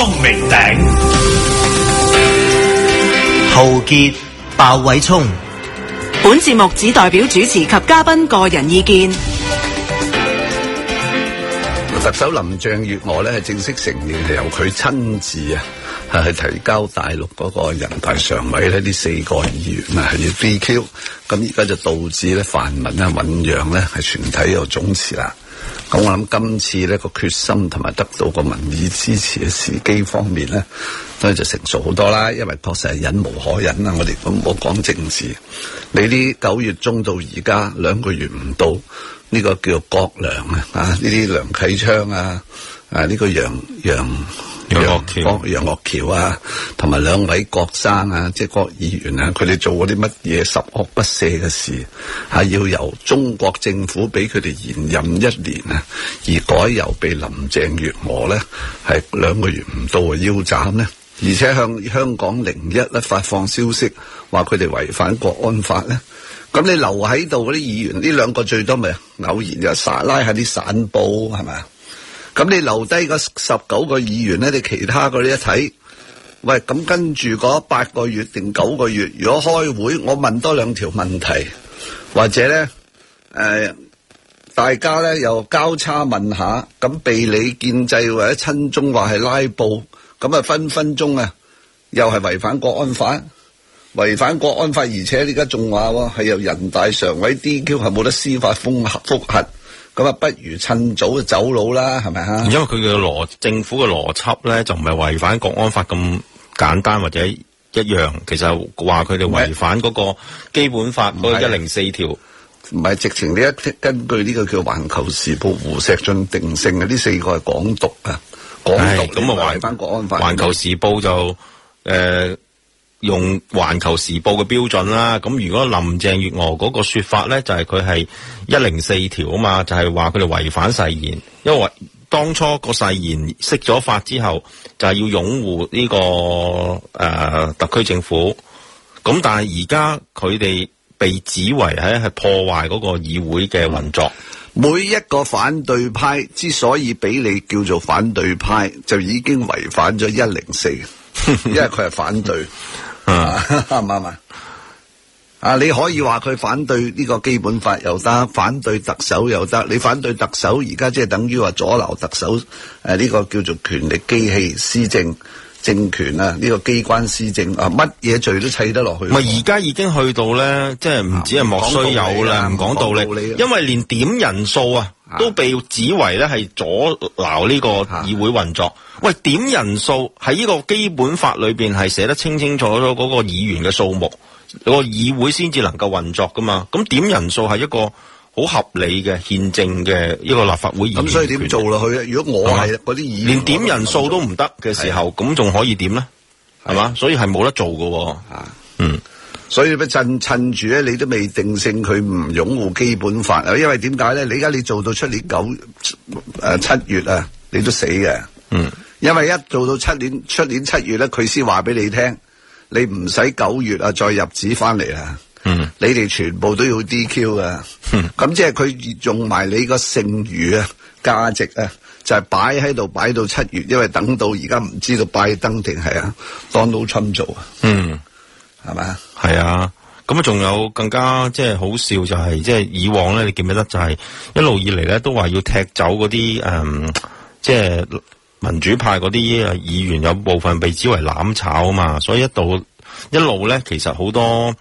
光明頂，陶傑、鮑偉聰。本節目只代表主持及嘉賓個人意見。特首林鄭月娥正式承認由佢親自啊，係提交大陸嗰個人大常委呢。呢四個議員啊要 BQ，咁而家就導致咧泛民咧醞釀咧係全體又總辭啦。咁我諗今次呢個決心同埋得到個民意支持嘅時機方面咧，所以就成熟好多啦。因為確實係忍無可忍啦，我哋唔好講政治，你啲九月中到而家兩個月唔到，呢、這個叫做國糧啊，啊！啊，呢啲梁啟昌啊，啊呢個楊楊。楊岳橋楊岳橋啊，同埋兩位郭生啊，即係郭議員啊，佢哋做嗰啲乜嘢十惡不赦嘅事，係、啊、要由中國政府俾佢哋延任一年啊，而改由被林鄭月娥咧係兩個月唔到啊腰斬咧，而且向香港零一咧發放消息，話佢哋違反國安法咧，咁你留喺度嗰啲議員，呢兩個最多咪偶然就撒拉下啲散布係咪？是咁你留低個十九個議員咧，你其他嗰啲一睇，喂，咁跟住嗰八個月定九個月，如果開會，我問多兩條問題，或者咧，誒、呃，大家咧又交叉問下，咁被你建制或者親中話係拉布，咁啊分分鐘啊，又係違反國安法，違反國安法，而且你而家仲話係由人大常委 DQ，係冇得司法覆核。咁啊，不如趁早就走佬啦，係咪啊？因為佢嘅邏政府嘅邏輯咧，就唔係違反國安法咁簡單或者一樣，其實話佢哋違反嗰個基本法嗰一零四條，唔係、啊、直情呢一根據呢個叫環球時報胡錫進定性啊，呢四個係港獨啊，港獨咁啊違反國安法。環球時報就誒。嗯呃用環球時報嘅標準啦，咁如果林鄭月娥嗰個說法咧，就係佢係一零四條啊嘛，就係話佢哋違反誓言，因為當初個誓言釋咗法之後，就係要擁護呢個誒、呃、特區政府。咁但係而家佢哋被指為係係破壞嗰個議會嘅運作。每一個反對派之所以俾你叫做反對派，就已經違反咗一零四，因為佢係反對。 啊啱唔啱啊！啊，你可以話佢反對呢個基本法又得，反對特首又得。你反對特首，而家即係等於話阻撓特首誒呢個叫做權力機器施政政權啊，呢個機關施政啊，乜嘢罪都砌得落去。咪而家已經去到咧，即係唔止係莫須有啦，唔講道理，因為連點人數啊。都被指為咧係阻撓呢個議會運作。喂，點人數喺呢個基本法裏邊係寫得清清楚楚嗰個議員嘅數目，嗰個議會先至能夠運作噶嘛？咁點人數係一個好合理嘅憲政嘅一個立法會議員，咁所以點做啦佢？如果我係嗰啲議員，議員連點人數都唔得嘅時候，咁仲可以點咧？係嘛？所以係冇得做噶。所以不趁趁住咧，你都未定性佢唔擁護基本法啊！因為點解咧？你而家你做到出年九誒七月啊，你都死嘅。嗯。因為一做到七年出年七月咧，佢先話俾你聽，你唔使九月啊再入紙翻嚟啊，嗯。你哋全部都要 DQ 啊，咁即係佢用埋你個剩餘啊價值啊，就係擺喺度擺到七月，因為等到而家唔知道拜登定係啊 Donald Trump 做啊。嗯。係嘛？係啊！咁啊，仲有更加即係好笑就係、是，即係以往咧，你記唔記得就係、是、一路以嚟，咧都話要踢走嗰啲誒，即係民主派嗰啲誒議員，有部分被指為攬炒嘛。所以一路一路咧，其實好多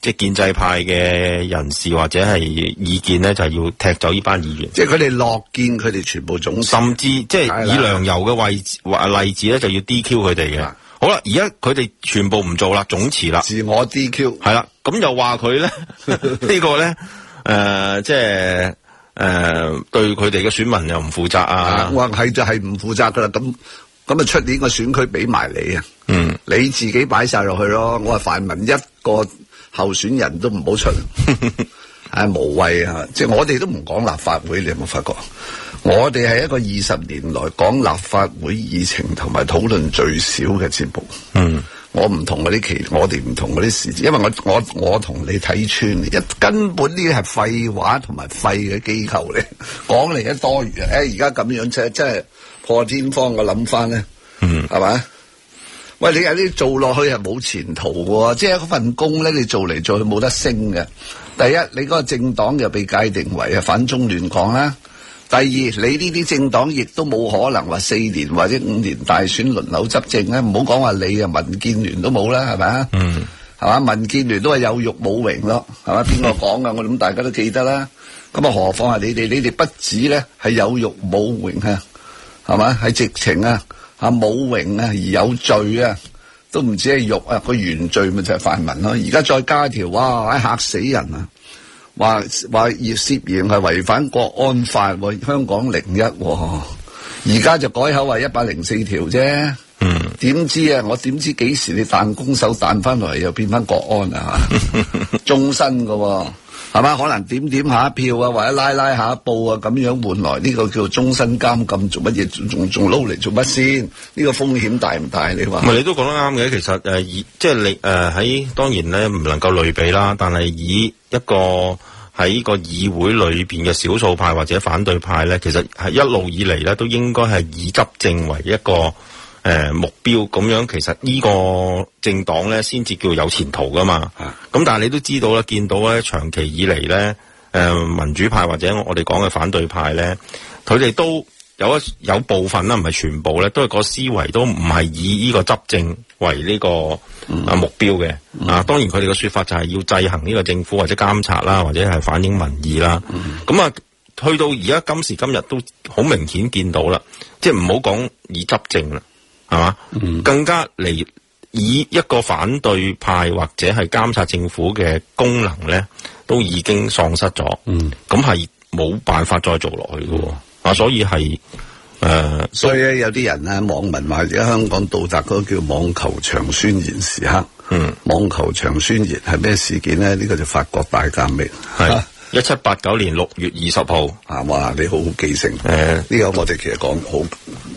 即係建制派嘅人士或者係意見咧，就係要踢走呢班議員。即係佢哋樂見佢哋全部總辭，甚至即係以梁游嘅位置或例子咧，就要 DQ 佢哋嘅。好啦，而家佢哋全部唔做啦，總辭啦，自我 DQ 係啦，咁又話佢咧呢 個咧誒、呃，即係誒、呃，對佢哋嘅選民又唔負責啊？我係就係唔負責噶啦，咁咁啊，出年個選舉俾埋你啊，嗯，你自己擺晒落去咯，我話泛民一個候選人都唔好出。 哎、無無謂啊！即係我哋都唔講立法會，你有冇發覺？嗯、我哋係一個二十年來講立法會議程同埋討論最少嘅節目。嗯，我唔同嗰啲期，我哋唔同嗰啲時節，因為我我我同你睇穿，一根本呢啲係廢話同埋廢嘅機構嚟，講嚟一多餘。誒、哎，而家咁樣即係真係破天荒，我諗翻咧，嗯，係咪？喂，你有啲做落去係冇前途嘅，即係嗰份工咧，你做嚟做去冇得升嘅。第一，你嗰個政黨又被界定為啊反中亂港啦；第二，你呢啲政黨亦都冇可能話四年或者五年大選輪流執政啊！唔好講話你啊、嗯，民建聯都冇啦，係咪啊？嗯，係嘛？民建聯都係有辱冇榮咯，係嘛？邊個講噶？我諗大家都記得啦。咁啊，何況係你哋？你哋不止咧係有辱冇榮啊，係嘛？係直情啊，啊冇榮啊而有罪慮啊！都唔知係辱啊，個原罪咪就係泛民咯。而家再加條，哇，嚇死人啊！話話要涉涉嫌係違反國安法，香港零一，而家就改口話一百零四條啫。嗯，點知啊？我點知幾時你彈弓手彈翻嚟又變翻國安啊？終身噶。.係嘛？可能點點下一票啊，或者拉拉下一步啊，咁樣換來呢個叫做終身監禁，做乜嘢？仲仲攞嚟做乜先？呢個風險大唔大？你話唔係？你都講得啱嘅。其實以、呃、即係你誒喺當然咧，唔能夠類比啦。但係以一個喺個議會裏面嘅少數派或者反對派咧，其實係一路以嚟咧都應該係以執政為一個。誒，目標咁樣，其實呢個政黨咧，先至叫有前途噶嘛。咁但係你都知道啦，見到咧，長期以嚟咧，誒、呃，民主派或者我哋講嘅反對派咧，佢哋都有一有部分啦，唔係全部咧，都係個思維都唔係以呢個執政為呢個啊目標嘅，嗯。啊，當然佢哋嘅說法就係要制衡呢個政府或者監察啦，或者係反映民意啦。咁、嗯、啊，去到而家今時今日都好明顯見到啦，即係唔好講以執政啦。係嘛、嗯，更加嚟以一個反對派或者係監察政府嘅功能咧，都已經喪失咗。嗯，咁係冇辦法再做落去噶。啊、嗯，所以係誒、呃，所以咧，有啲人咧，網民話而家香港到達嗰個叫網球場宣言時刻。嗯，網球場宣言係咩事件咧？呢、這個就法國大革命係。一七八九年六月二十號啊，話、嗯、你好好記性。誒、嗯、呢、這個我哋其實講好。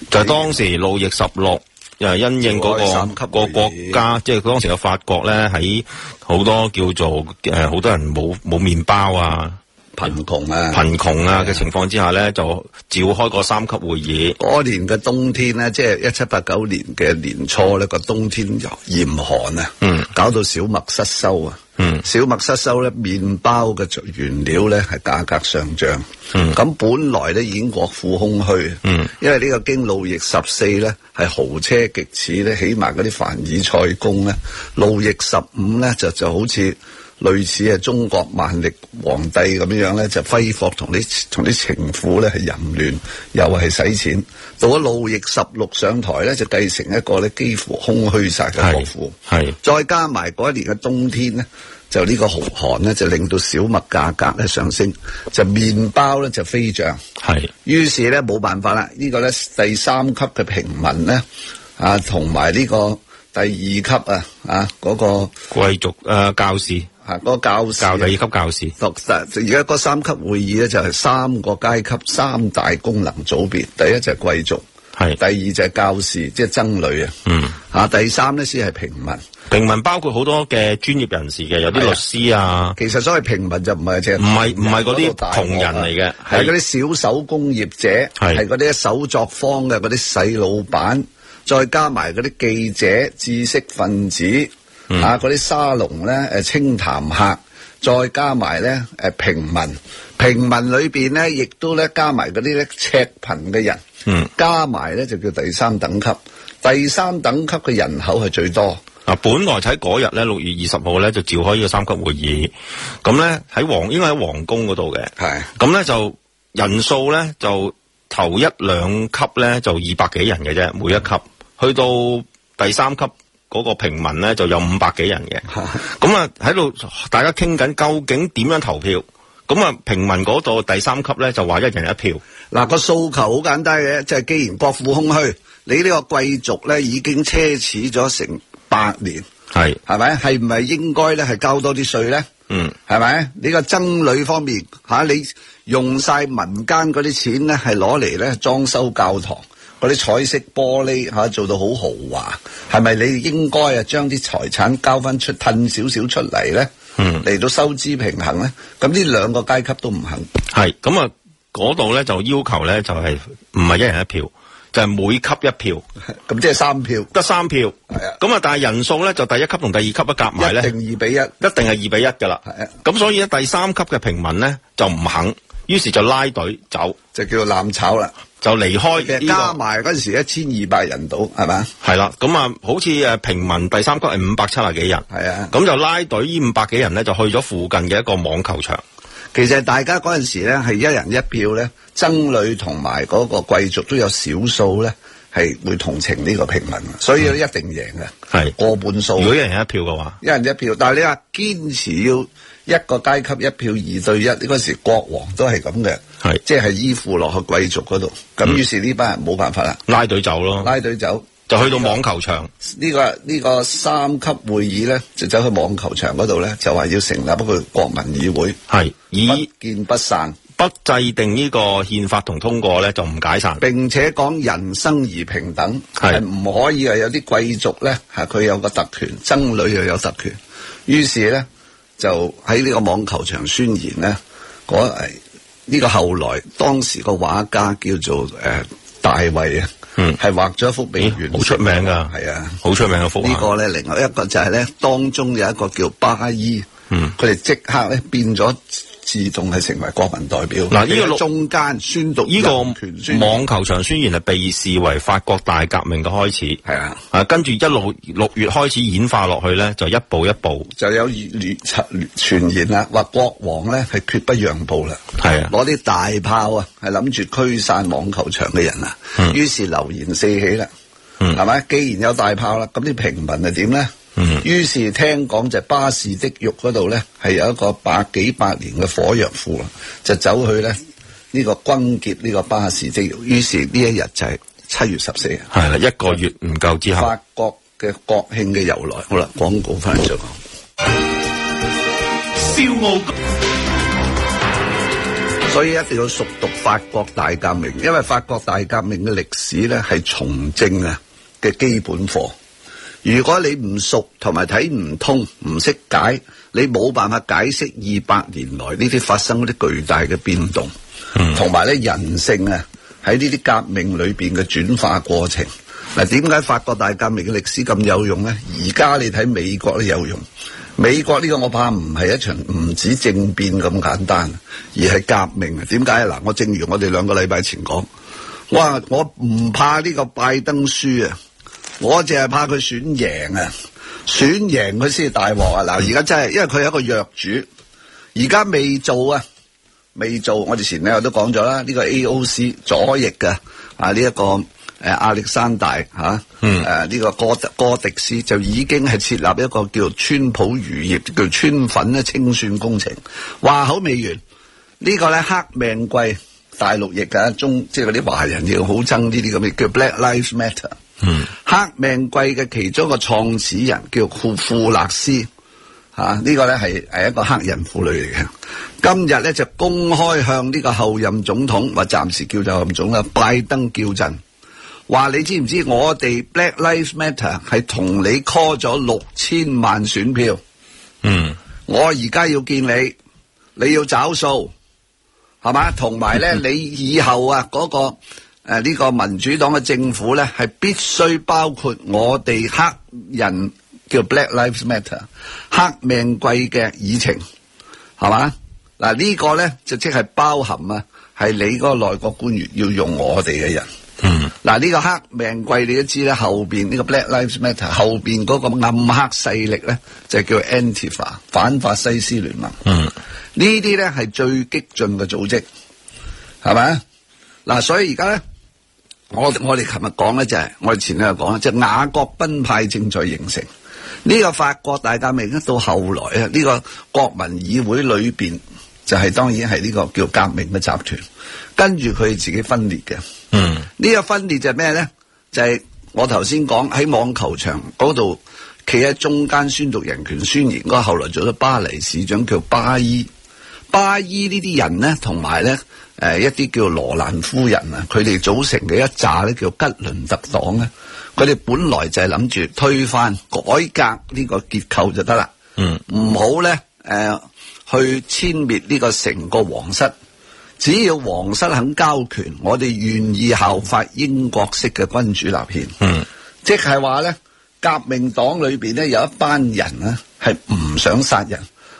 就是、當時路易十六又因應嗰、那個那個國家，即係當時嘅法國咧，喺好多叫做誒好、呃、多人冇冇麵包啊，貧窮啊貧窮啊嘅情況之下咧、嗯，就召開個三級會議。嗰年嘅冬天咧，即係一七八九年嘅年初咧，嗯，那個冬天又嚴寒啊，嗯，搞到小麥失收啊。嗯、小麥失收咧，麵包嘅原料咧係價格上漲。咁、嗯、本來咧已經國庫空虛、嗯，因為呢個經路易十四咧係豪奢極似咧，起埋嗰啲凡爾賽宮咧，路易十五咧就就好似類似中國萬曆皇帝咁樣樣咧就揮霍，同啲同啲情婦咧係淫亂，又係使錢。到咗路易十六上台咧，就繼承一個咧幾乎空虛晒嘅國庫，係再加埋嗰一年嘅冬天咧，就呢個紅寒寒咧就令到小麥價格咧上升，就麵包咧就飛漲，係。於是咧冇辦法啦，呢個咧第三級嘅平民咧，啊同埋呢個第二級啊啊嗰個貴族、呃、教士。啊！嗰教教二級教士，而家嗰三級會議咧就係三個階級、三大功能組別。第一就係貴族，係第二就係教士，即係僧侶啊。嗯，啊第三咧先係平民。平民包括好多嘅專業人士嘅，有啲律師啊。其實所謂平民就唔係即係唔係唔係嗰啲窮人嚟嘅，係嗰啲小手工業者，係嗰啲手作坊嘅嗰啲細老闆，再加埋嗰啲記者、知識分子。吓、嗯，嗰、啊、啲沙龍咧，誒，清談客，再加埋咧，誒、啊，平民，平民裏邊咧，亦都咧加埋嗰啲咧赤貧嘅人，嗯，加埋咧就叫第三等級，第三等級嘅人口係最多。啊，本來喺嗰日咧六月二十號咧就召開呢個三級會議，咁咧喺皇應該喺皇宮嗰度嘅，係，咁咧就人數咧就頭一兩級咧就二百幾人嘅啫，每一級，去到第三級。嗰、那個平民咧就有五百幾人嘅，咁啊喺度大家傾緊究竟點樣投票？咁啊平民嗰度第三級咧就話一人一票。嗱、啊那個訴求好簡單嘅，即、就、係、是、既然國富空虛，你呢個貴族咧已經奢侈咗成百年，係咪？係唔係應該咧係交多啲稅咧？嗯，係咪？呢個僧侶方面吓、啊、你用曬民間嗰啲錢咧係攞嚟咧裝修教堂。嗰啲彩色玻璃、啊、做到好豪華，係咪你應該啊將啲財產交翻出褪少少出嚟咧？嗯，嚟到收支平衡咧。咁呢兩個階級都唔肯。係咁啊，嗰度咧就要求咧就係唔係一人一票，就係、是、每級一票。咁即係三票，得三票。係啊。咁啊，但係人數咧就第一級同第二級一夾埋咧，一定二比一，一定係二比一噶啦。係咁所以咧，第三級嘅平民咧就唔肯，於是就拉隊走，就叫做攬炒啦。就離開嘅、這個、加埋嗰陣時一千二百人到，係咪？係啦，咁啊，好似誒，平民第三級係五百七十幾人，係啊，咁就拉隊呢五百幾人咧就去咗附近嘅一個網球場。其實大家嗰陣時咧係一人一票咧，僧侶同埋嗰個貴族都有少數咧係會同情呢個平民，所以一定贏嘅係過半數。如果一人一票嘅話，一人一票，但係你話堅持要一個階級一票二對一，呢嗰時國王都係咁嘅。係，即係依附落去貴族嗰度，咁、嗯、於是呢班人冇辦法啦，拉隊走咯，拉隊走就去到網球場。呢、這個呢、這個三級會議咧，就走去網球場嗰度咧，就話要成立一個國民議會，係以見不散，不制定呢個憲法同通過咧，就唔解散，並且講人生而平等，係唔可以話有啲貴族咧，吓佢有個特權，僧侶又有特權。於是咧，就喺呢個網球場宣言咧，誒、嗯。呢、這個後來，當時個畫家叫做誒、呃、大衛啊，嗯，係畫咗一幅俾好出名噶，係啊，好出名嘅幅畫、這個、呢個咧，另外一個就係咧，當中有一個叫巴伊，嗯，佢哋即刻咧變咗。自動係成為國民代表。嗱，呢個中間宣讀呢、這個網球場宣言係被視為法國大革命嘅開始。係啊，啊跟住一路六,六月開始演化落去咧，就一步一步就有傳傳言啦，話國王咧係決不讓步啦。係啊，攞啲大炮啊，係諗住驅散網球場嘅人啊。於於是流言四起啦。係、嗯、係咪？既然有大炮啦，咁啲平民係點咧？於是聽講就係巴士的獄嗰度咧，係有一個百幾百年嘅火藥庫，就走去咧呢個軍結呢個巴士的獄。於是呢一日就係七月十四日，係啦，一個月唔夠之後，法國嘅國慶嘅由來。好啦，廣告翻嚟再講。所以一定要熟讀法國大革命，因為法國大革命嘅歷史咧係從政啊嘅基本課。如果你唔熟同埋睇唔通唔識解，你冇辦法解釋二百年來呢啲發生嗰啲巨大嘅變動，同埋咧人性啊喺呢啲革命裏邊嘅轉化過程。嗱，點解法國大革命嘅歷史咁有用咧？而家你睇美國都有用。美國呢個我怕唔係一場唔止政變咁簡單，而係革命。點解啊？嗱，我正如我哋兩個禮拜前講，哇，我唔怕呢個拜登輸啊！我淨係怕佢選贏啊，選贏佢先係大鑊啊！嗱，而家真係，因為佢係一個弱主，而家未做啊，未做。我之前呢，我都講咗啦，呢個 AOC 左翼嘅啊呢一、這個誒亞歷山大吓，誒、啊、呢、啊這個哥哥迪斯就已經係設立一個叫川普漁業叫川粉咧清算工程。話口未完呢個咧黑命貴，大陸翼嘅中即係嗰啲華人要好憎呢啲咁嘅叫 Black Lives Matter。嗯，黑命貴嘅其中一個創始人叫庫庫勒斯，吓呢個咧係係一個黑人婦女嚟嘅。今日咧就公開向呢個後任總統，或暫時叫做後任總啦，拜登叫陣，話你知唔知我哋 Black Lives Matter 係同你 call 咗六千萬選票？嗯，我而家要見你，你要找數，係嘛？同埋咧，你以後啊嗰個。誒、啊、呢、這個民主黨嘅政府咧，係必須包括我哋黑人叫 Black Lives Matter，黑命貴嘅議程，係嘛？嗱、啊這個、呢個咧就即係包含啊，係你嗰個內閣官員要用我哋嘅人。嗯。嗱、啊、呢、這個黑命貴你都知呢，後邊呢、這個 Black Lives Matter 後邊嗰個暗黑勢力咧，就叫 Antifa 反法西斯聯盟。嗯。呢啲咧係最激進嘅組織，係咪？嗱、啊，所以而家咧。我我哋琴日講咧就係我哋前兩日講啦，就係雅各賓派正在形成呢個法國大革命，到後來啊呢個國民議會裏邊就係當然係呢個叫革命嘅集團，跟住佢自己分裂嘅。嗯，呢個分裂就係咩咧？就係我頭先講喺網球場嗰度企喺中間宣讀人權宣言，嗰後來做咗巴黎市長叫巴伊，巴伊呢啲人咧同埋咧。誒，一啲叫羅蘭夫人啊，佢哋組成嘅一扎咧叫吉倫特黨咧，佢哋本來就係諗住推翻改革呢個結構就得啦。嗯，唔好咧，誒，去殲滅呢個成個皇室。只要皇室肯交權，我哋願意效法英國式嘅君主立憲。嗯，即係話咧，革命黨裏邊咧有一班人咧係唔想殺人。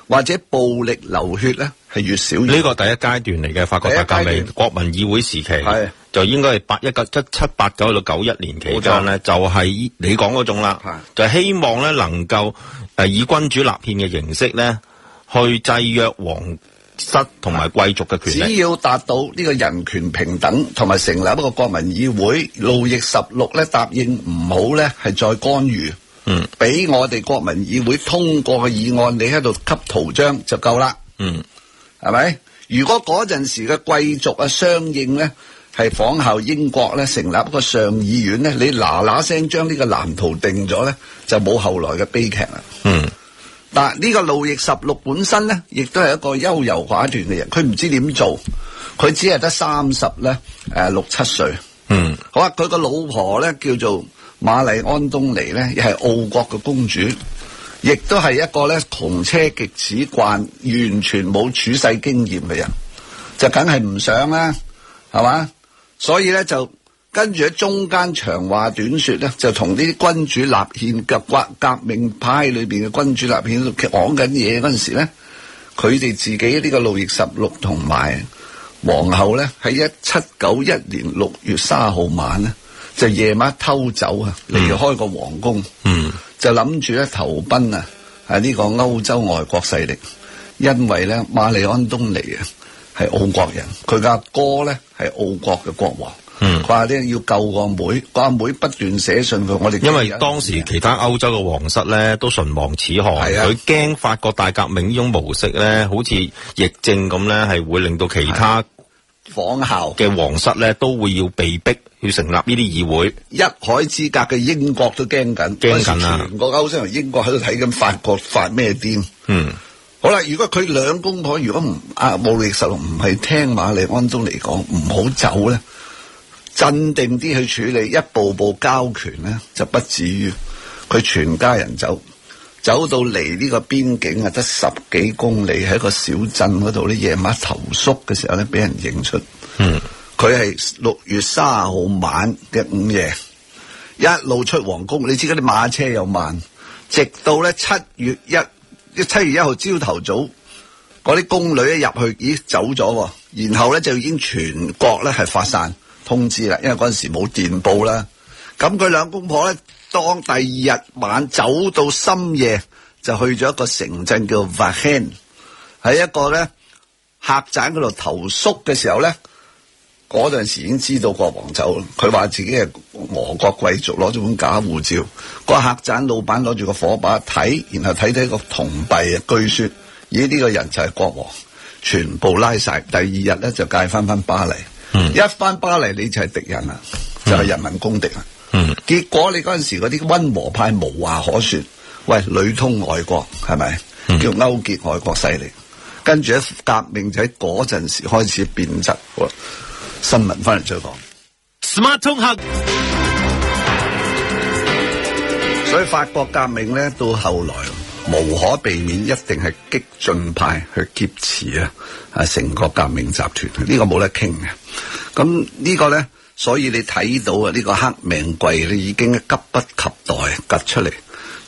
或者暴力流血咧，係越少。呢個第一階段嚟嘅法國大革命、國民議會時期，就應該係八一九七七八九到九一年期間咧，就係、是、你講嗰種啦，就是、希望咧能夠誒以君主立憲嘅形式咧，去制約皇室同埋貴族嘅權力。只要達到呢個人權平等同埋成立一個國民議會，路易十六咧答應唔好咧係再干預。嗯，俾我哋國民議會通過嘅議案，你喺度吸圖章就夠啦。嗯，係咪？如果嗰陣時嘅貴族啊相應咧，係仿效英國咧成立一個上議院咧，你嗱嗱聲將呢個藍圖定咗咧，就冇後來嘅悲劇啦。嗯，但呢個路易十六本身咧，亦都係一個優柔寡斷嘅人，佢唔知點做，佢只係得三十咧誒六七歲。嗯，好啊，佢個老婆咧叫做，馬麗安東尼咧，又係奧國嘅公主，亦都係一個咧窮車極屎慣，完全冇處世經驗嘅人，就梗係唔想啦，係嘛？所以咧就跟住喺中間長話短說咧，就同啲君主立憲及革革命派裏邊嘅君主立憲講緊嘢嗰陣時咧，佢哋自己呢個路易十六同埋皇后咧，喺一七九一年六月卅號晚咧。就夜晚偷走啊，離開個皇宮，就諗住咧，投奔啊，喺呢個歐洲外國勢力，因為咧馬里安東尼啊係奧國人，佢嘅阿哥咧係奧國嘅國王，佢話咧要救個妹，個阿妹不斷寫信佢，我哋因為當時其他歐洲嘅皇室咧都唇亡齒寒，佢驚法國大革命呢種模式咧好似疫症咁咧，係會令到其他仿效嘅皇室咧都會要被逼。要成立呢啲議會，一海之隔嘅英國都驚緊，驚緊啦！個歐洲人英國喺度睇緊法國發咩癲？嗯，好啦，如果佢兩公婆如果唔啊力十六唔係聽馬利安東嚟講唔好走咧，鎮、嗯、定啲去處理，一步步交權咧，就不至於佢全家人走，走到離呢個邊境啊得十幾公里，喺個小鎮嗰度咧，夜晚投宿嘅時候咧，俾人認出。嗯。佢係六月卅號晚嘅午夜一路出皇宮，你知啲馬車又慢，直到咧七月一，七月一號朝頭早，啲宮女一入去，咦，走咗。然後咧就已經全國咧係發散通知啦，因為陣時冇電報啦。咁佢兩公婆咧，當第二日晚走到深夜，就去咗一個城鎮叫瓦罕，喺一個咧客棧度投宿嘅時候咧。嗰陣時已經知道國王走，佢話自己係俄國貴族，攞咗本假護照。個客棧老闆攞住個火把睇，然後睇睇個銅幣，據說，咦呢個人就係國王，全部拉曬。第二日咧就介翻翻巴黎，嗯，一翻巴黎你就係敵人啦，就係、是、人民公敵啦、嗯。結果你嗰陣時嗰啲溫和派無話可說，喂，裏通外國係咪、嗯？叫勾結外國勢力，跟住喺革命就喺嗰陣時開始變質。新聞翻嚟再講，smart 通客。所以法國革命咧，到後來無可避免，一定係激進派去劫持啊！啊，成個革命集團、這個、呢個冇得傾嘅。咁呢個咧，所以你睇到啊，呢個黑命貴咧已經急不及待，掘出嚟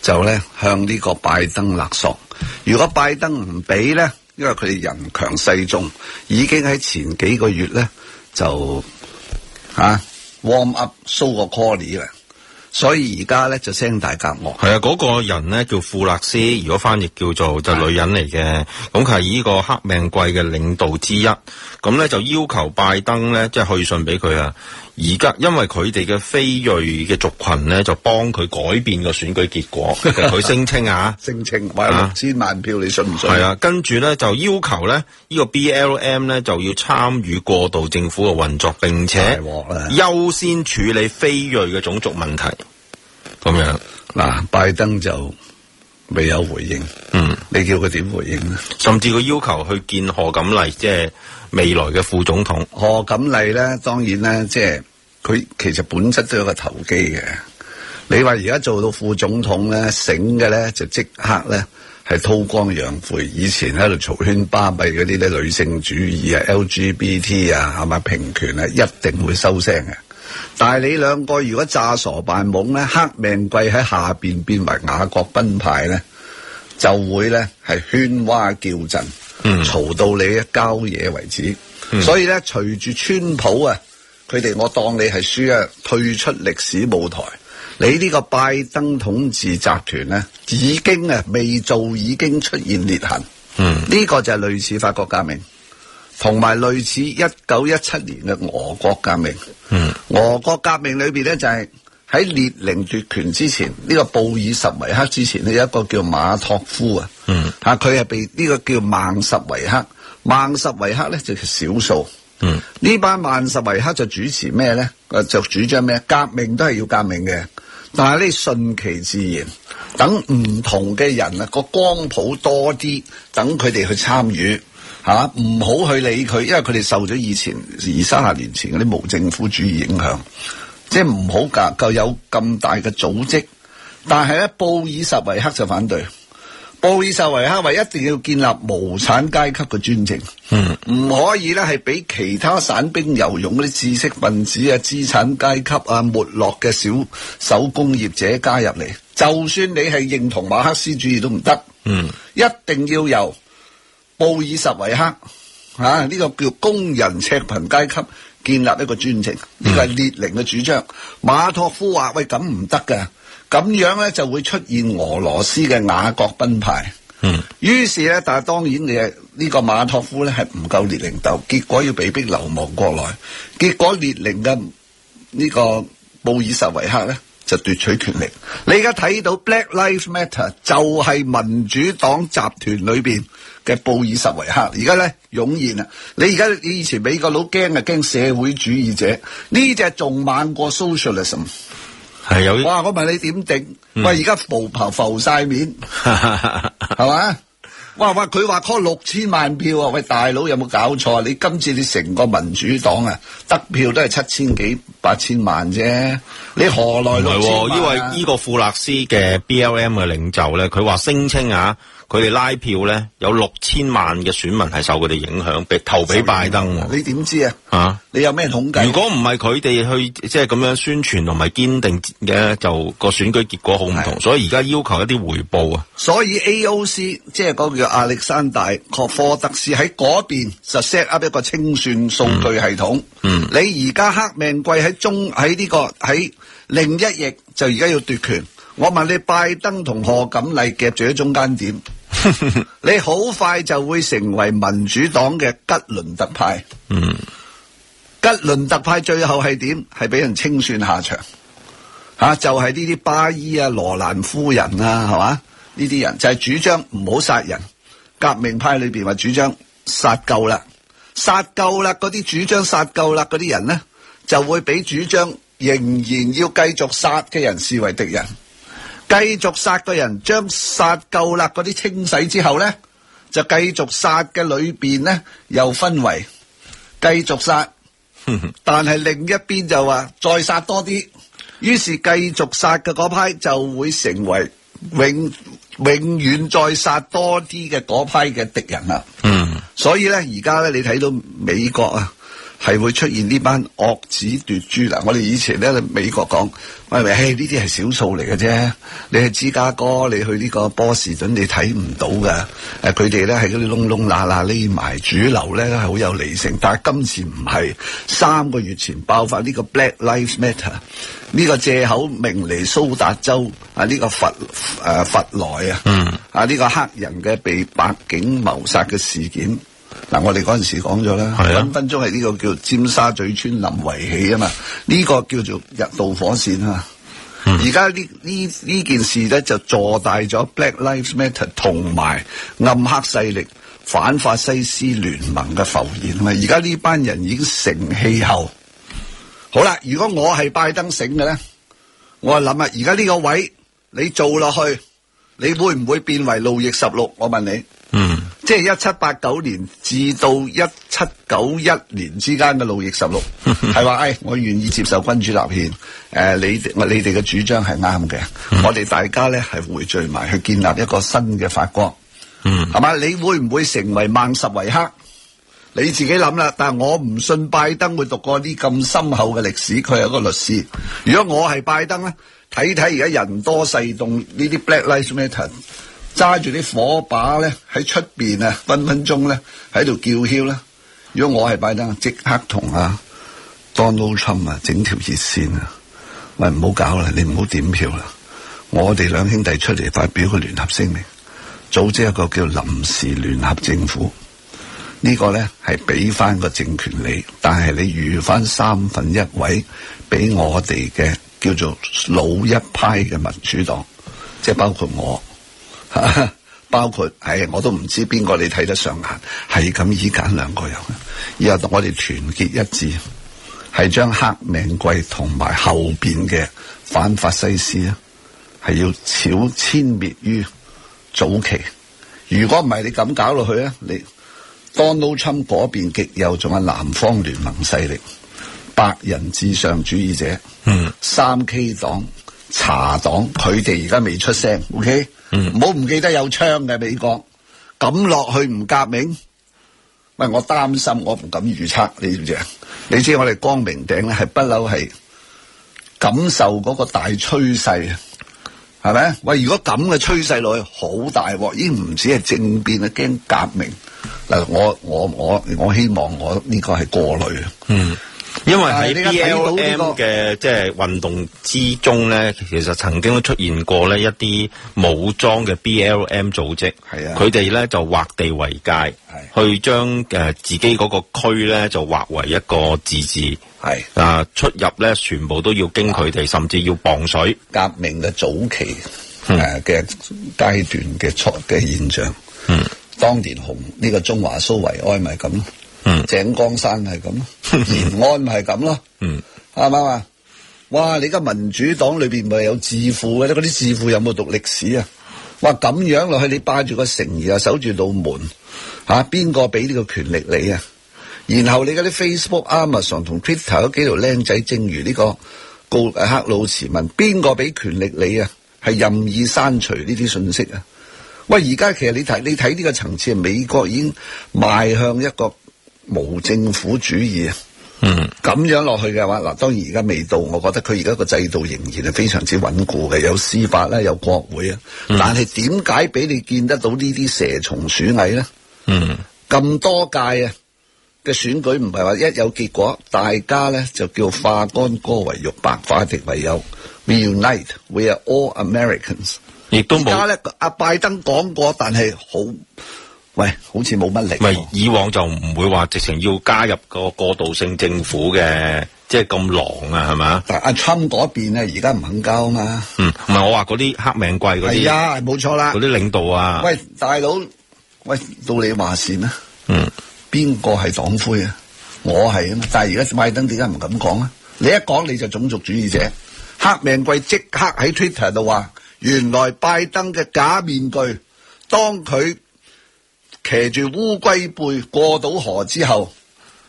就咧向呢個拜登勒索。如果拜登唔俾咧，因為佢哋人強勢眾，已經喺前幾個月咧。就吓、啊、warm up s 蘇個 callie 啦，所以而家咧就聲大夾惡係啊！嗰、那個人咧叫富勒斯，如果翻譯叫做就是、女人嚟嘅，咁佢係呢個黑命貴嘅領導之一，咁咧就要求拜登咧即係去信俾佢啊。而家因為佢哋嘅非裔嘅族群咧，就幫佢改變個選舉結果。佢聲稱啊，聲稱話係六千萬票、啊、你信唔信？係啊，跟住咧就要求咧呢個 B L M 咧就要參與過渡政府嘅運作，並且優先處理非裔嘅種族問題。咁樣嗱、啊，拜登就未有回應，嗯，你叫佢點回應咧？甚至佢要求去見賀錦麗，即係未來嘅副總統。賀錦麗咧，當然咧，即係佢其實本質都有一個投機嘅。你話而家做到副總統咧，醒嘅咧就即刻咧係韜光養晦。以前喺度嘈喧巴閉嗰啲咧女性主義啊、LGBT 啊，係咪平權啊，一定會收聲嘅。嗯但係你兩個如果詐傻扮懵咧，黑命貴喺下邊變為雅各賓派咧，就會咧係喧嘩叫陣，嘈、嗯、到你一交野為止。嗯、所以咧，隨住川普啊，佢哋我當你係輸啊，退出歷史舞台。你呢個拜登統治集團咧，已經啊未做已經出現裂痕。嗯，呢、呢個就係類似法國革命。同埋類似一九一七年嘅俄國革命，嗯，俄國革命裏邊咧就係喺列寧奪權之前，呢、這個布爾什維克之前呢，有一個叫馬托夫啊，佢、嗯、係被呢個叫孟什維克，孟什維克咧就係少數，呢、嗯、班孟什維克就主持咩咧？就主張咩？革命都係要革命嘅，但係你順其自然，等唔同嘅人啊個光譜多啲，等佢哋去參與。吓、啊，唔好去理佢，因為佢哋受咗以前二三十年前嗰啲無政府主義影響，即係唔好格夠有咁大嘅組織。但係咧，布爾什維克就反對，布爾什維克話一定要建立無產階級嘅專政，嗯、唔可以咧係俾其他散兵游勇嗰啲知識分子啊、資產階級啊、沒落嘅小手工業者加入嚟。就算你係認同馬克思主義都唔得，嗯，一定要由。布爾什維克，啊呢、這個叫工人赤貧階級建立一個專政，呢個係列寧嘅主張。馬托夫話，喂，咁唔得噶，咁樣咧就會出現俄羅斯嘅雅各賓派。嗯，於是咧，但係當然你係呢、這個馬托夫咧係唔夠列寧鬥，結果要被逼流亡國內，結果列寧嘅呢個布爾什維克咧。就奪取權力，你而家睇到 Black Lives Matter 就係民主黨集團裏邊嘅布爾什維克。而家咧湧現啊！你而家你以前美國佬驚啊驚社會主義者，呢隻仲猛過 Socialism，係有哇！我問你點定？喂、嗯，而家浮浮晒面，係 嘛？哇！哇！佢話攞六千萬票啊！喂，大佬有冇搞錯？你今次你成個民主黨啊，得票都係七千幾八千萬啫，你何來六千萬、哦啊、因為呢個富勒斯嘅 BLM 嘅領袖咧，佢話聲稱啊。佢哋拉票咧，有六千萬嘅選民係受佢哋影響，投俾拜登，啊。你點知啊，啊？你有咩統計？如果唔係佢哋去即係咁樣宣傳同埋堅定嘅，就個選舉結果好唔同。所以而家要求一啲回報啊！所以 AOC 即係嗰個叫亞歷山大霍特斯喺嗰邊就 set up 一個清算數據系統。嗯，嗯你而家黑命貴喺中喺呢、這個喺另一翼就而家要奪權。我問你，拜登同賀錦麗夾住喺中間點？ 你好快就會成為民主黨嘅吉倫特派。嗯，吉倫特派最後係點？係俾人清算下場。吓，就係呢啲巴伊啊、羅蘭夫人啊，係嘛？呢啲人就係主張唔好殺人。革命派裏邊話主張殺夠啦，殺夠啦。嗰啲主張殺夠啦嗰啲人咧，就會俾主張仍然要繼續殺嘅人視為敵人。繼續殺嘅人，將殺夠啦嗰啲清洗之後咧，就繼續殺嘅裏邊咧又分為繼續殺， 但係另一邊就話再殺多啲，於是繼續殺嘅嗰批就會成為永永遠再殺多啲嘅嗰批嘅敵人啦。嗯， 所以咧而家咧你睇到美國啊。係會出現呢班惡紫奪朱。嗱，我哋以前咧美國講，喂、哎，喂，為呢啲係少數嚟嘅啫。你去芝加哥，你去呢個波士頓，你睇唔到嘅。誒佢哋咧係嗰啲窿窿罅罅，匿埋主流咧係好有理性，但係今次唔係三個月前爆發呢個 Black Lives Matter 呢個藉口，明尼蘇達州啊呢、呢個佛誒、呃、佛萊、嗯、啊，嗯啊呢個黑人嘅被白警謀殺嘅事件。嗱，我哋嗰陣時講咗啦，分分鐘係呢個叫尖沙咀村林圍起啊嘛，呢、這個叫做入導火線啊嘛，而家呢呢呢件事咧就坐大咗 Black Lives Matter 同埋暗黑勢力反法西斯聯盟嘅浮現啊嘛，而家呢班人已經成氣候。好啦，如果我係拜登醒嘅咧，我就諗啊，而家呢個位你做落去，你會唔會變為路易十六？我問你。嗯，即係一七八九年至到一七九一年之間嘅路易十六，係話誒，我願意接受君主立憲。誒、呃，你我你哋嘅主張係啱嘅，我哋大家咧係匯聚埋去建立一個新嘅法國。嗯，係嘛？你會唔會成為孟什維克？你自己諗啦。但係我唔信拜登會讀過啲咁深厚嘅歷史。佢係一個律師。如果我係拜登咧，睇睇而家人多勢眾呢啲 Black Lives Matter。揸住啲火把咧，喺出邊啊，分分鐘咧喺度叫囂啦！如果我係拜登，即刻同阿 Donald Trump 啊，整條熱線啊，喂唔好搞啦，你唔好點票啦，我哋兩兄弟出嚟發表個聯合聲明，組織一個叫臨時聯合政府。呢個咧係俾翻個政權你，但係你預翻三分一位俾我哋嘅叫做老一派嘅民主黨，即係包括我。 包括，唉，我都唔知邊個你睇得上眼，係咁依揀兩個人，以後同我哋團結一致，係將黑命貴同埋後邊嘅反法西斯啊，係要早殲滅於早期。如果唔係你咁搞落去啊，你 Donald Trump 嗰邊極右，仲有南方聯盟勢力，白人至上主義者，嗯，三 K 黨。查黨，佢哋而家未出聲，OK，唔好唔記得有槍嘅美國，咁落去唔革命，喂，我擔心，我唔敢預測，你知唔知啊？你知我哋光明頂咧係不嬲係感受嗰個大趨勢啊，係咪？喂，如果咁嘅趨勢落去，好大鑊，已經唔止係政變啦，驚革命嗱，我我我我希望我呢個係過濾，嗯。因為喺 B L M 嘅，即係運動之中咧，其實曾經都出現過咧一啲武裝嘅 B L M 組織，係啊，佢哋咧就劃地為界，係去將誒自己嗰個區咧就劃為一個自治，係啊，出入咧全部都要經佢哋，甚至要磅水。革命嘅早期誒嘅階段嘅錯嘅現象，嗯，當年紅呢個中華蘇維埃咪咁。嗯井岡山係咁咯，延安係咁咯， 嗯啱唔啱啊？哇！你而家民主黨裏邊咪有智庫嘅啫啲智庫有冇讀歷史啊？哇！咁樣落去，你霸住個城啊，守住老門吓，邊個俾呢個權力你啊？然後你啲 Facebook、Amazon 同 Twitter 幾條僆仔，正如呢個告誒克魯茨問：邊個俾權力你啊？係任意刪除呢啲信息啊？喂！而家其實你睇你睇呢個層次，美國已經邁向一個。無政府主義，嗯，咁樣落去嘅話，嗱，當然而家未到，我覺得佢而家個制度仍然係非常之穩固嘅，有司法咧，有國會啊，但係點解俾你見得到蟲呢啲蛇蟲鼠蟻咧？嗯，咁多屆啊嘅選舉，唔係話一有結果，大家咧就叫化干戈為玉帛，化敵為友。We unite, we are all Americans。亦都冇。而家咧，阿拜登講過，但係好。喂，好似冇乜力。咪以往就唔會話直情要加入個過渡性政府嘅，即係咁狼啊，係嘛？但阿川嗰邊咧，而家唔肯交啊嘛。嗯，唔係我話嗰啲黑命貴嗰啲係啊，冇錯啦。嗰啲領導啊，喂，大佬，喂，到你話先啦。嗯，邊個係黨魁啊？我係啊嘛。但係而家拜登點解唔敢講啊？你一講你就種族主義者，黑命貴即刻喺 Twitter 度話，原來拜登嘅假面具，當佢。騎住烏龜背過到河之後，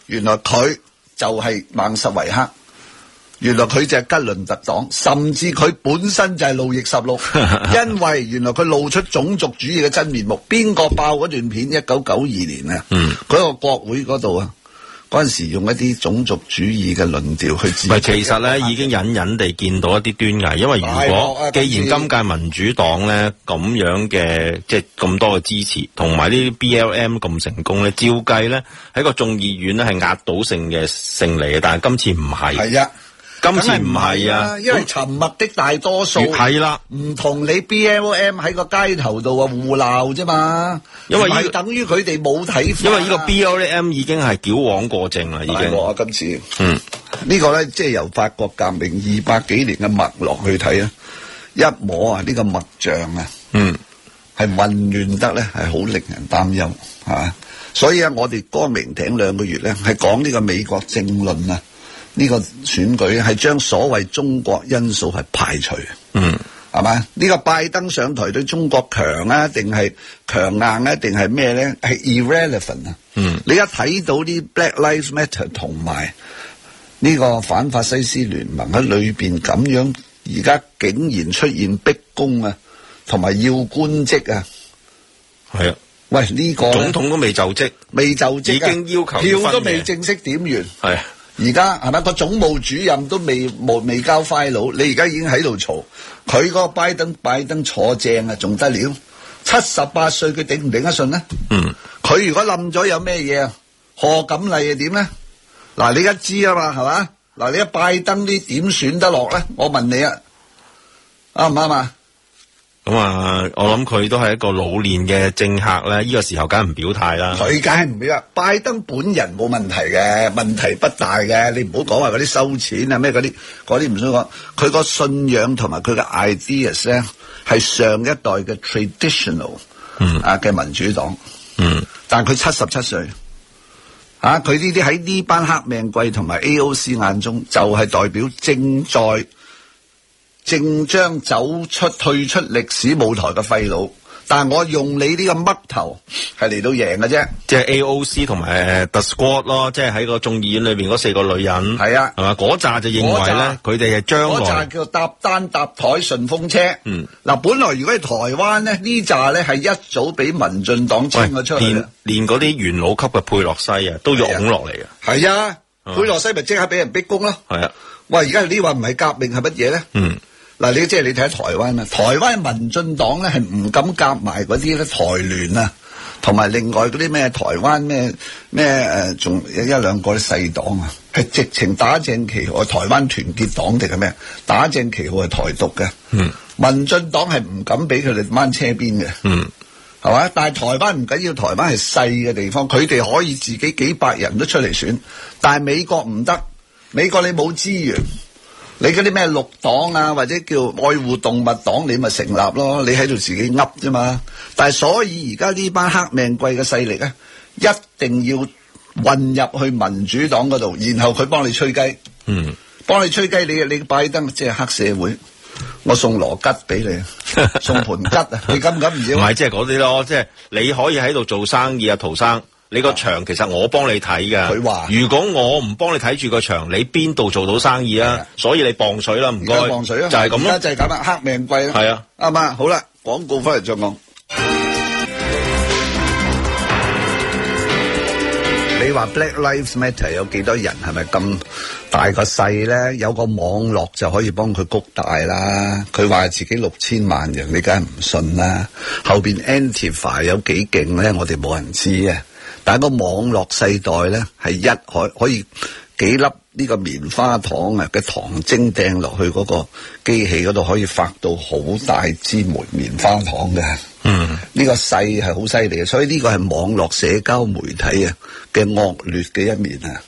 原來佢就係孟什維克，原來佢就係吉倫特黨，甚至佢本身就係路易十六，因為原來佢露出種族主義嘅真面目。邊個爆嗰段片？一九九二年啊，嗰個國會嗰度啊。嗰陣時用一啲種族主義嘅論調去支持，唔係其實咧已經隱隱地見到一啲端倪，因為如果既然今屆民主黨咧咁樣嘅即係咁多嘅支持，同埋呢啲 BLM 咁成功咧，照計咧喺個眾議院咧係壓倒性嘅勝利嘅，但係今次唔係。今次唔係啊，因為沉默的大多數係啦，唔同你 B L M 喺個街頭度啊互鬧啫嘛。因為係等於佢哋冇睇法。因為呢個 B L M 已經係矯枉過正啦，已經。係喎，今次嗯呢個咧，即係由法國革命二百幾年嘅脈絡去睇啊，一摸啊呢個脈象啊，嗯係混亂得咧係好令人擔憂嚇。所以啊，我哋光明頂兩個月咧係講呢個美國政論啊。呢、這個選舉係將所謂中國因素係排除的，嗯，係嘛？呢、這個拜登上台對中國強啊，定係強硬啊，定係咩咧？係 irrelevant 啊，嗯。你一睇到啲 Black Lives Matter 同埋呢個反法西斯聯盟喺裏邊咁樣，而家竟然出現逼宮啊，同埋要官職啊，係啊。喂，這個、呢個總統都未就職，未就職、啊，已經要求票都未正式點完，係、啊。而家係咪個總務主任都未冇未交 file，你而家已經喺度嘈，佢嗰個拜登拜登坐正啊，仲得了？七十八歲佢頂唔頂得順咧？嗯，佢如果冧咗有咩嘢啊？賀錦麗又點咧？嗱，你而家知啊嘛，係咪？嗱，你一拜登啲點選得落咧？我問你啊，啱唔啱啊？咁啊，我諗佢都係一個老練嘅政客呢。呢、呢個時候梗係唔表態啦。佢梗係唔表啦。拜登本人冇問題嘅，問題不大嘅。你唔好講話嗰啲收錢啊，咩嗰啲嗰啲唔想講。佢個信仰同埋佢嘅 ideas 係上一代嘅 traditional，啊嘅民主黨，嗯，嗯，但係佢七十七歲，啊，佢呢啲喺呢班黑命貴同埋 AOC 眼中就係代表正在。正將走出退出歷史舞台嘅廢佬，但係我用你呢個嘜頭係嚟到贏嘅啫。即係 AOC 同埋誒 The Squad 咯，即係喺個眾議院裏邊嗰四個女人。係啊，係嘛？嗰紮就認為咧，佢哋係將來。嗰紮叫搭單搭台順風車。嗯。嗱，本來如果喺台灣咧，呢紮咧係一早俾民進黨清咗出嚟。連連嗰啲元老級嘅佩洛西啊，都要拱落嚟係係啊，佩洛西咪即刻俾人逼宮咯。係啊。喂，而家呢啲話唔係革命係乜嘢咧？嗯。嗱，你即係你睇下台灣啊，台灣民進黨咧係，唔敢夾埋嗰啲咧台聯啊，同埋另外嗰啲咩台灣咩咩誒，仲有一兩個啲細黨啊，係直情打正旗號，台灣團結黨定係咩？打正旗號係台獨嘅。嗯，民進黨係唔敢俾佢哋掹車邊嘅。嗯，係嘛？但係台灣唔緊要，台灣係細嘅地方，佢哋可以自己幾百人都出嚟選，但係美國唔得，美國你冇資源。你嗰啲咩綠黨啊，或者叫愛護動物黨，你咪成立咯，你喺度自己噏啫嘛。但係所以而家呢班黑命貴嘅勢力咧、啊，一定要混入去民主黨嗰度，然後佢幫你吹雞，嗯，幫你吹雞，你你拜登即係黑社會，我送羅吉俾你，送盤吉啊， 你敢唔敢唔要？唔係，即係嗰啲咯，即係你可以喺度做生意啊，陶生。你個場其實我幫你睇㗎。佢話如果我唔幫你睇住個場，你邊度做到生意啊？所以你傍水啦，唔該，就係咁啦，就係咁啦，黑命貴啦。係啊，啱唔啱？好啦，廣告翻嚟再講。你話 Black Lives Matter 有幾多人？係咪咁大個細咧？有個網絡就可以幫佢谷大啦。佢話自己六千萬人，你梗係唔信啦。後邊 Antifa 有幾勁咧？我哋冇人知啊。但個網絡世代咧，係一可以可以幾粒呢個棉花糖啊嘅糖精掟落去嗰個機器嗰度，可以發到好大支梅棉花糖嘅。嗯，呢個勢係好犀利嘅，所以呢個係網絡社交媒體啊嘅惡劣嘅一面啊。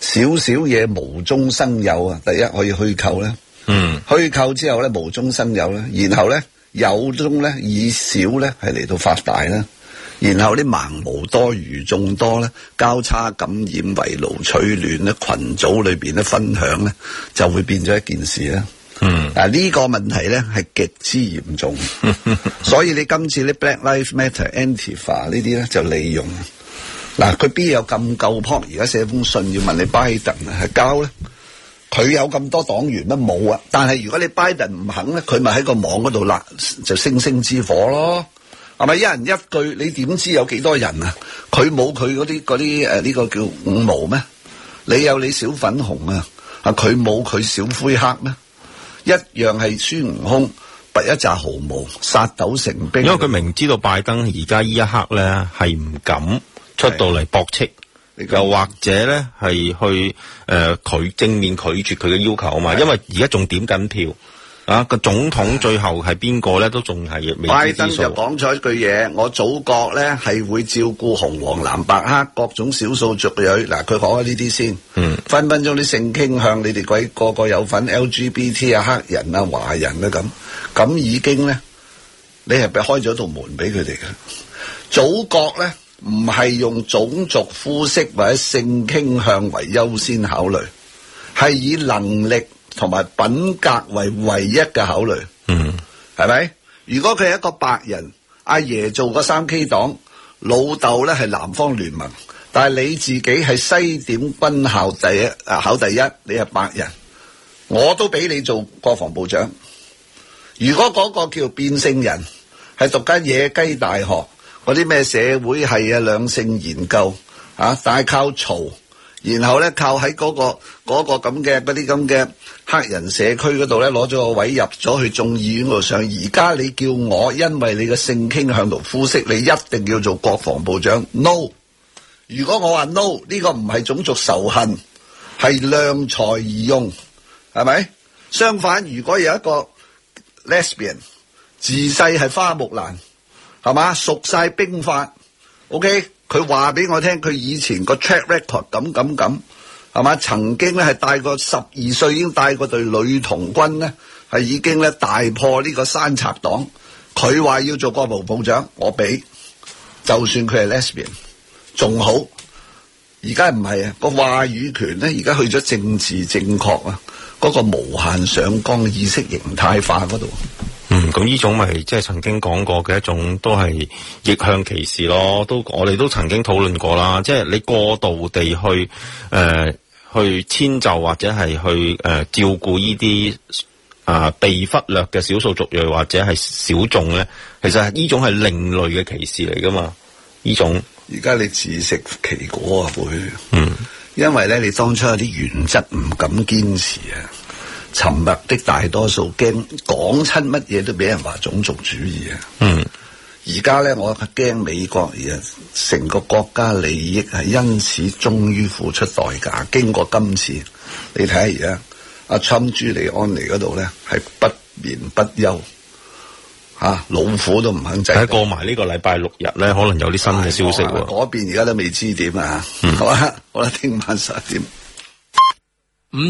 少少嘢無中生有啊，第一可以虛構咧，嗯，虛構之後咧無中生有咧，然後咧有中咧以少咧係嚟到發大咧。然後啲盲毛多馀眾多咧，交叉感染圍爐取暖咧，群組裏邊咧分享咧，就會變咗一件事啦。嗱、嗯、呢、這個問題咧係極之嚴重， 所以你今次啲 Black Lives Matter、Antifa 呢啲咧就利用。嗱，佢邊有咁夠皮而家寫封信要問你拜登啊，係交咧？佢有咁多黨員都冇啊，但係如果你拜登唔肯咧，佢咪喺個網嗰度焫，就星星之火咯。係咪一人一句？你點知有幾多人啊？佢冇佢嗰啲嗰啲，誒，呢個叫五毛咩？你有你小粉紅啊？啊佢冇佢小灰黑咩？一樣係孫悟空拔一扎毫毛，撒豆成兵。因為佢明知道拜登而家呢一刻咧係唔敢出到嚟駁斥，又或者咧係去誒，佢、呃、正面拒絕佢嘅要求啊嘛。因為而家仲點緊票。啊個總統最後係邊個咧？都仲係未？拜登就講咗一句嘢：我祖國咧係會照顧紅黃藍白黑各種少數族裔。嗱，佢講咗呢啲先。嗯，分分鐘啲性傾向，你哋鬼個個有份 LGBT 啊、黑人啊、華人啊咁咁，已經咧，你係咪開咗道門俾佢哋嘅？祖國咧唔係用種族膚色或者性傾向為優先考慮，係以能力。同埋品格為唯一嘅考慮，嗯，係咪？如果佢係一個白人，阿爺做個三 K 黨，老豆咧係南方聯盟，但係你自己係西點軍校第一，啊，考第一，你係白人，我都俾你做國防部長。如果嗰個叫變性人，係讀緊野雞大學，嗰啲咩社會係啊兩性研究啊，大靠嘈。然後咧靠喺嗰個嗰個咁嘅嗰啲咁嘅黑人社區嗰度咧，攞咗個位入咗去眾議院度上。而家你叫我，因為你嘅性傾向同膚色，你一定要做國防部長。no，如果我話 no，呢個唔係種族仇恨，係量才而用，係咪？相反，如果有一個 lesbian 自細係花木蘭，係嘛熟晒兵法，ok。佢話俾我聽，佢以前個 track record 咁咁咁，係嘛？曾經咧係帶過十二歲已經帶過隊女童軍咧，係已經咧大破呢個山賊黨。佢話要做國務部長，我俾。就算佢係 lesbian，仲好。而家唔係啊，個話語權咧，而家去咗政治正確啊，嗰個無限上綱意識形態化嗰度。咁呢種咪即係曾經講過嘅一種，都係逆向歧視咯。都我哋都曾經討論過啦。即係你過度地去誒、呃、去遷就或者係去誒、呃、照顧呢啲啊被忽略嘅少數族裔或者係小眾咧，其實係呢種係另類嘅歧視嚟噶嘛？呢種而家你自食其果啊，會。嗯，因為咧你當初有啲原則唔敢堅持啊。沉默的大多數驚講親乜嘢都俾人話種族主義啊！嗯，而家咧我驚美國人成個國家利益係因此終於付出代價。經過今次，你睇下，而家阿川朱利安尼嗰度咧係不眠不休，老虎都唔肯，但係過埋呢個禮拜六日咧，可能有啲新嘅消息喎。嗰、哎、邊，而家都未知點啊、嗯，好啊，我聽晚十點。